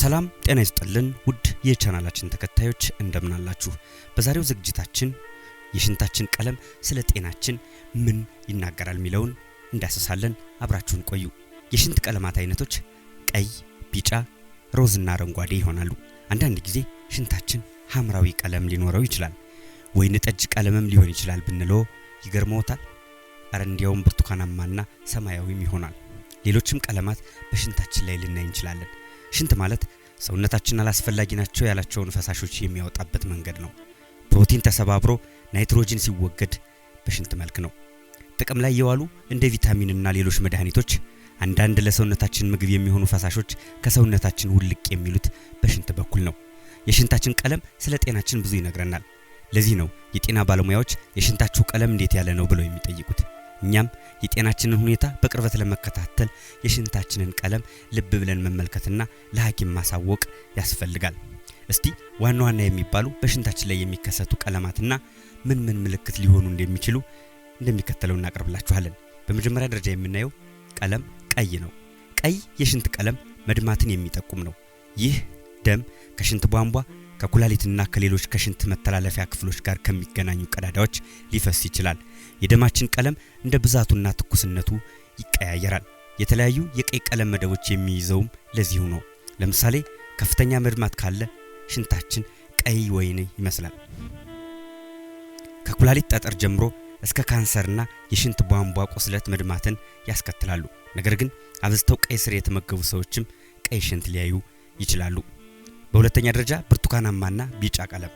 ሰላም ጤና ይስጥልን ውድ የቻናላችን ተከታዮች እንደምናላችሁ። በዛሬው ዝግጅታችን የሽንታችን ቀለም ስለ ጤናችን ምን ይናገራል የሚለውን እንዳሰሳለን። አብራችሁን ቆዩ። የሽንት ቀለማት አይነቶች ቀይ፣ ቢጫ፣ እና አረንጓዴ ይሆናሉ። አንዳንድ ጊዜ ሽንታችን ሐምራዊ ቀለም ሊኖረው ይችላል። ወይን ጠጅ ቀለምም ሊሆን ይችላል ብንለው ይገርመውታል አረ እንዲያውም ብርቱካናማና ሰማያዊም ይሆናል። ሌሎችም ቀለማት በሽንታችን ላይ ልናይ እንችላለን። ሽንት ማለት ሰውነታችን አላስፈላጊ ናቸው ያላቸውን ፈሳሾች የሚያወጣበት መንገድ ነው። ፕሮቲን ተሰባብሮ ናይትሮጅን ሲወገድ በሽንት መልክ ነው። ጥቅም ላይ የዋሉ እንደ ቪታሚንና ሌሎች መድኃኒቶች፣ አንዳንድ ለሰውነታችን ምግብ የሚሆኑ ፈሳሾች ከሰውነታችን ውልቅ የሚሉት በሽንት በኩል ነው። የሽንታችን ቀለም ስለ ጤናችን ብዙ ይነግረናል። ለዚህ ነው የጤና ባለሙያዎች የሽንታችሁ ቀለም እንዴት ያለ ነው ብለው የሚጠይቁት። እኛም የጤናችንን ሁኔታ በቅርበት ለመከታተል የሽንታችንን ቀለም ልብ ብለን መመልከትና ለሐኪም ማሳወቅ ያስፈልጋል። እስቲ ዋና ዋና የሚባሉ በሽንታችን ላይ የሚከሰቱ ቀለማትና ምን ምን ምልክት ሊሆኑ እንደሚችሉ እንደሚከተለው እናቀርብላችኋለን። በመጀመሪያ ደረጃ የምናየው ቀለም ቀይ ነው። ቀይ የሽንት ቀለም መድማትን የሚጠቁም ነው። ይህ ደም ከሽንት ቧንቧ ከኩላሊትና ከሌሎች ከሽንት መተላለፊያ ክፍሎች ጋር ከሚገናኙ ቀዳዳዎች ሊፈስ ይችላል። የደማችን ቀለም እንደ ብዛቱና ትኩስነቱ ይቀያየራል። የተለያዩ የቀይ ቀለም መደቦች የሚይዘውም ለዚሁ ነው። ለምሳሌ ከፍተኛ መድማት ካለ ሽንታችን ቀይ ወይን ይመስላል። ከኩላሊት ጠጠር ጀምሮ እስከ ካንሰርና የሽንት ቧንቧ ቁስለት መድማትን ያስከትላሉ። ነገር ግን አብዝተው ቀይ ስር የተመገቡ ሰዎችም ቀይ ሽንት ሊያዩ ይችላሉ። በሁለተኛ ደረጃ ብርቱካናማና ቢጫ ቀለም።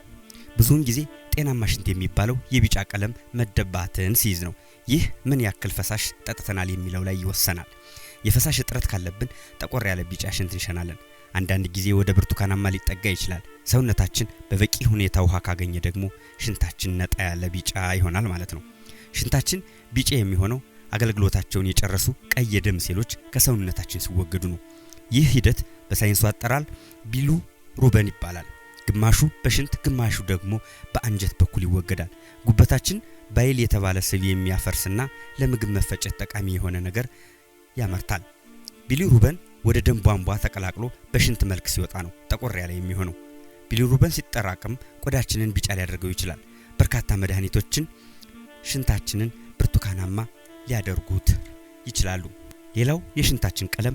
ብዙውን ጊዜ ጤናማ ሽንት የሚባለው የቢጫ ቀለም መደባትን ሲይዝ ነው። ይህ ምን ያክል ፈሳሽ ጠጥተናል የሚለው ላይ ይወሰናል። የፈሳሽ እጥረት ካለብን ጠቆር ያለ ቢጫ ሽንት እንሸናለን። አንዳንድ ጊዜ ወደ ብርቱካናማ ሊጠጋ ይችላል። ሰውነታችን በበቂ ሁኔታ ውሃ ካገኘ ደግሞ ሽንታችን ነጣ ያለ ቢጫ ይሆናል ማለት ነው። ሽንታችን ቢጫ የሚሆነው አገልግሎታቸውን የጨረሱ ቀይ የደም ሴሎች ከሰውነታችን ሲወገዱ ነው። ይህ ሂደት በሳይንሱ አጠራር ቢሉ ሩበን ይባላል። ግማሹ በሽንት ግማሹ ደግሞ በአንጀት በኩል ይወገዳል። ጉበታችን ባይል የተባለ ስብ የሚያፈርስና ለምግብ መፈጨት ጠቃሚ የሆነ ነገር ያመርታል። ቢሊሩበን ወደ ደም ቧንቧ ተቀላቅሎ በሽንት መልክ ሲወጣ ነው ጠቆር ያለ የሚሆነው። ቢሊሩበን ሲጠራቅም ቆዳችንን ቢጫ ሊያደርገው ይችላል። በርካታ መድኃኒቶችን ሽንታችንን ብርቱካናማ ሊያደርጉት ይችላሉ። ሌላው የሽንታችን ቀለም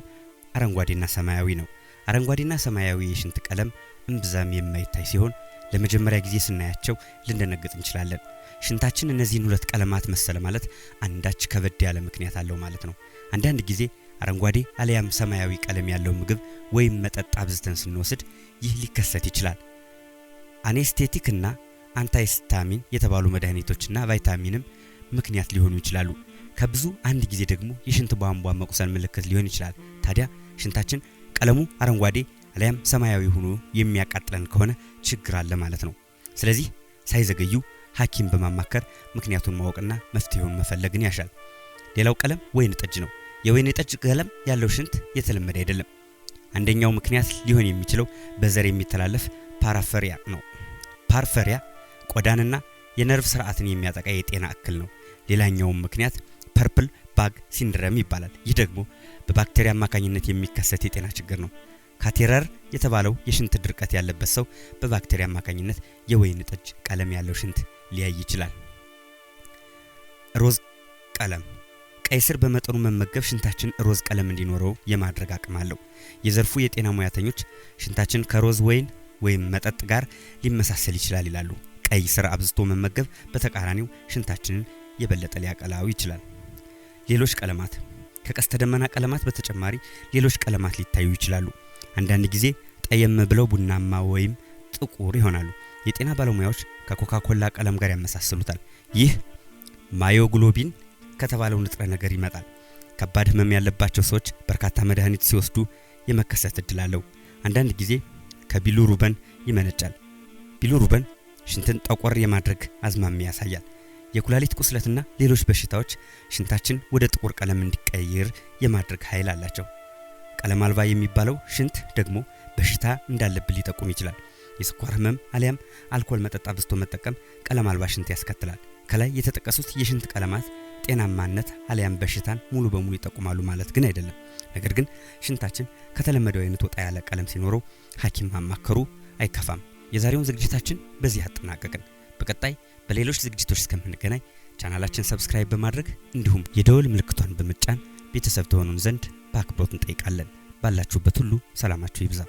አረንጓዴና ሰማያዊ ነው። አረንጓዴና ሰማያዊ የሽንት ቀለም እምብዛም የማይታይ ሲሆን ለመጀመሪያ ጊዜ ስናያቸው ልንደነግጥ እንችላለን። ሽንታችን እነዚህን ሁለት ቀለማት መሰለ ማለት አንዳች ከበድ ያለ ምክንያት አለው ማለት ነው። አንዳንድ ጊዜ አረንጓዴ አለያም ሰማያዊ ቀለም ያለው ምግብ ወይም መጠጥ አብዝተን ስንወስድ ይህ ሊከሰት ይችላል። አኔስቴቲክ እና አንታይስታሚን የተባሉ መድኃኒቶችና ቫይታሚንም ምክንያት ሊሆኑ ይችላሉ። ከብዙ አንድ ጊዜ ደግሞ የሽንት ቧንቧ መቁሰል ምልክት ሊሆን ይችላል። ታዲያ ሽንታችን ቀለሙ አረንጓዴ አሊያም ሰማያዊ ሆኖ የሚያቃጥለን ከሆነ ችግር አለ ማለት ነው። ስለዚህ ሳይዘገዩ ሐኪም በማማከር ምክንያቱን ማወቅና መፍትሄውን መፈለግን ያሻል። ሌላው ቀለም ወይን ጠጅ ነው። የወይን ጠጅ ቀለም ያለው ሽንት የተለመደ አይደለም። አንደኛው ምክንያት ሊሆን የሚችለው በዘር የሚተላለፍ ፓራፈሪያ ነው። ፓርፈሪያ ቆዳንና የነርቭ ስርዓትን የሚያጠቃ የጤና እክል ነው። ሌላኛውም ምክንያት ፐርፕል ባግ ሲንድረም ይባላል። ይህ ደግሞ በባክቴሪያ አማካኝነት የሚከሰት የጤና ችግር ነው። ካቴረር የተባለው የሽንት ድርቀት ያለበት ሰው በባክቴሪያ አማካኝነት የወይን ጠጅ ቀለም ያለው ሽንት ሊያይ ይችላል። ሮዝ ቀለም ቀይ ስር በመጠኑ መመገብ ሽንታችን ሮዝ ቀለም እንዲኖረው የማድረግ አቅም አለው። የዘርፉ የጤና ሙያተኞች ሽንታችን ከሮዝ ወይን ወይም መጠጥ ጋር ሊመሳሰል ይችላል ይላሉ። ቀይ ስር አብዝቶ መመገብ በተቃራኒው ሽንታችንን የበለጠ ሊያቀላው ይችላል። ሌሎች ቀለማት ከቀስተ ደመና ቀለማት በተጨማሪ ሌሎች ቀለማት ሊታዩ ይችላሉ። አንዳንድ ጊዜ ጠየም ብለው ቡናማ ወይም ጥቁር ይሆናሉ። የጤና ባለሙያዎች ከኮካ ኮላ ቀለም ጋር ያመሳስሉታል። ይህ ማዮግሎቢን ከተባለው ንጥረ ነገር ይመጣል። ከባድ ህመም ያለባቸው ሰዎች በርካታ መድኃኒት ሲወስዱ የመከሰት እድል አለው። አንዳንድ ጊዜ ከቢሉሩበን ይመነጫል። ቢሉሩበን ሽንትን ጠቆር የማድረግ አዝማሚያ ያሳያል። የኩላሊት ቁስለትና ሌሎች በሽታዎች ሽንታችን ወደ ጥቁር ቀለም እንዲቀይር የማድረግ ኃይል አላቸው። ቀለም አልባ የሚባለው ሽንት ደግሞ በሽታ እንዳለብን ሊጠቁም ይችላል። የስኳር ህመም አሊያም አልኮል መጠጥ አብዝቶ መጠቀም ቀለም አልባ ሽንት ያስከትላል። ከላይ የተጠቀሱት የሽንት ቀለማት ጤናማነት አሊያም በሽታን ሙሉ በሙሉ ይጠቁማሉ ማለት ግን አይደለም። ነገር ግን ሽንታችን ከተለመደው አይነት ወጣ ያለ ቀለም ሲኖረው ሐኪም ማማከሩ አይከፋም። የዛሬውን ዝግጅታችን በዚህ አጠናቀቅን። በቀጣይ በሌሎች ዝግጅቶች እስከምንገናኝ ቻናላችን ሰብስክራይብ በማድረግ እንዲሁም የደወል ምልክቷን በመጫን ቤተሰብ ተሆኑን ዘንድ በአክብሮት እንጠይቃለን። ባላችሁበት ሁሉ ሰላማችሁ ይብዛ።